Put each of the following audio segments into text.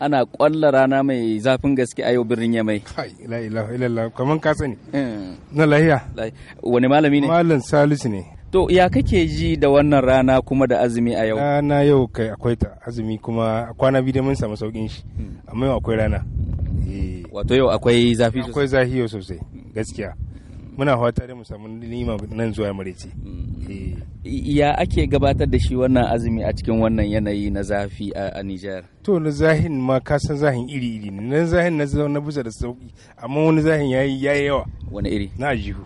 ana kwalla rana mai zafin gaske a yau birnin yamai kai la ilaha ka sani eh. na lahiya wani malami ne malam salisu ne to ya kake ji da wannan rana kuma da azumi a yau rana yau kai akwai ta azumi kuma kwana biyu da mun samu saukin shi hmm. amma yau akwai rana eh. wato yau akwai zafi sosai akwai zafi yau sosai gaskiya muna fata da mu samu nima nan zuwa mareci mm. ya ake gabatar da shi wannan azumi a cikin wannan yanayi na zafi a Nijar to na zahin ma kasan zahin iri iri ne na zahin na na busa da sauki amma wani zahin ya yi yawa wani iri na jihu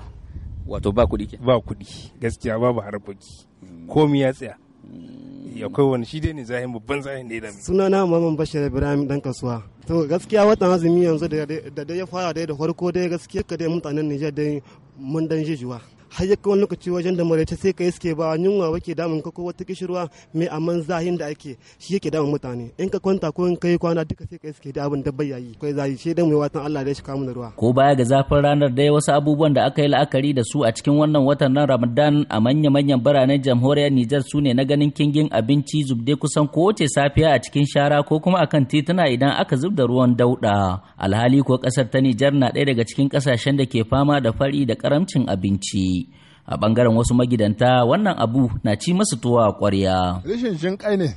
wato ba kuɗi ba kuɗi gaskiya babu harkoki mm. komi ya tsaya mm. akwai wani shi dai ne zahin babban zahin da ya dami sunana mamman bashir ibrahim dan kasuwa to gaskiya watan azumi yanzu da dai ya fara dai da farko dai gaskiya ka dai mutanen nijar dai mun dan jijuwa har ya wani lokaci wajen da maraice sai ka iske ba yunwa wake damun ka ko wata kishirwa mai amman zahin da ake shi yake damun mutane in ka kwanta ko in kai kwana duka sai ka iske da abin dabbai yayi kai zai shi dan mai watan Allah da shi da ruwa ko baya ga zafin ranar dai wasu abubuwan da aka yi la'akari da su a cikin wannan watan nan Ramadan a manya-manyan biranen jamhuriyar Nijar su ne na ganin kingin abinci zubde kusan kowace safiya a cikin shara ko kuma akan tituna idan aka zub da ruwan dauda alhali ko kasar ta Nijar na daya daga cikin kasashen da ke fama da fari da karamcin abinci a bangaren wasu magidanta wannan abu na ci masu tuwa kwarya Rishin jinƙai ne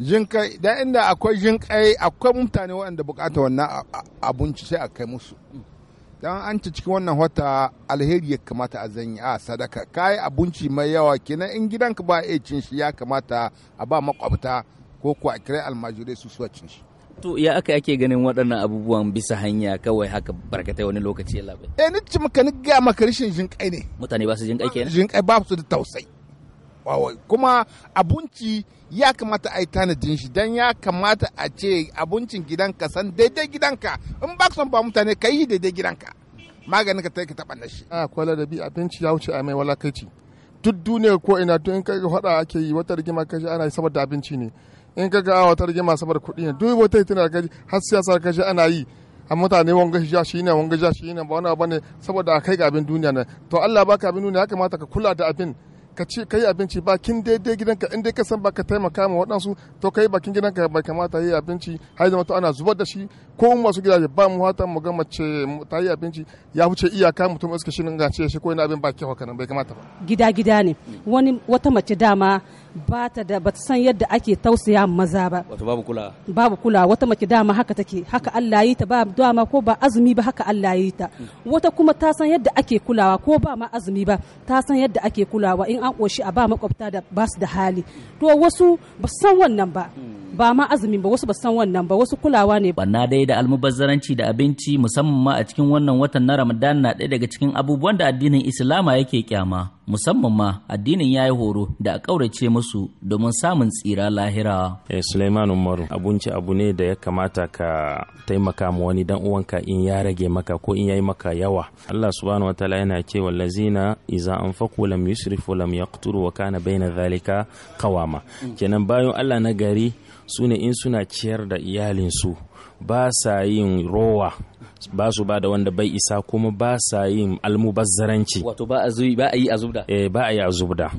jinƙai da inda akwai jinƙai akwai mutane waɗanda bukata wannan abinci sai a kai musu dan an ci cikin wannan wata alheri ya kamata a zanyi a sadaka kayi abinci mai yawa kenan in gidanka ba a cin shi ya kamata a ba makwabta ko kuwa a kira almajirai su suwa cin shi to ya aka ake ganin waɗannan abubuwan bisa hanya kawai haka barkatai wani lokaci ya labai eh ni ci maka ni ga maka rishin jinkai ne mutane ba su jinkai kenan jinkai ba su da tausayi kuma abinci ya kamata a yi tanadin shi don ya kamata a ce abincin gidanka san daidai gidanka in ba son ba mutane ka yi daidai gidanka maganin ka ta yi ka taɓa shi a ah, kwala da bi abinci ya wuce a mai walakaici duk duniya ko ina tun in kai faɗa ake yi wata rigima kashi ana yi saboda abinci ne in ka ga wata masu bar kuɗi ne duk wata tana gaji har siyasa kashi ana yi a mutane wanga ja shi ne wanga ja shi ne ba wani bane saboda a kai ga abin duniya ne to Allah baka abin duniya ya kamata ka kula da abin ka ci kai abinci bakin daidai gidanka in dai ka san baka taimaka ma waɗansu to kai bakin gidanka bai kamata yi abinci har zama to ana zubar da shi ko masu gidaje ba mu hata mu ga mace ta yi abinci ya wuce iyaka mutum iska shi ga ce shi ko ina abin ba kyau haka bai kamata ba gida gida ne wani wata mace dama ba ta da ba ta san yadda ake tausaya maza ba wato babu kula babu kula wata mace dama haka take haka Allah yi ta ba dama ko ba azumi ba haka Allah yi ta mm. wata kuma ta san yadda ake kulawa ko ba ma azumi ba ta san yadda ake kulawa in an koshi a ba makwabta da ba su da hali to wasu ba san wannan ba mm. ba ma azumi ba wasu ba san wannan ba wasu kulawa ne banna dai da almubazzaranci da abinci musamman ma a cikin wannan watan na Ramadan na ɗaya daga cikin abubuwan da addinin Islama yake kyama musamman ma addinin ya yi horo da a ƙaurace musu domin samun tsira lahira. Eh, Suleiman Umaru abinci abu ne da ya kamata ka taimaka ma wani dan uwanka in ya rage maka ko in yayi maka yawa. Allah subhanahu ta'ala yana ce lazina iza anfaqu lam yusrifu lam yaqturu wa kana baina zalika qawama. Mm. Kenan bayan Allah na gari sune in suna ciyar da iyalinsu ba sa yin rowa ba su ba da wanda bai isa kuma ba sa yin almubazzaranci wato ba a yi a zubda ba a yi a eh,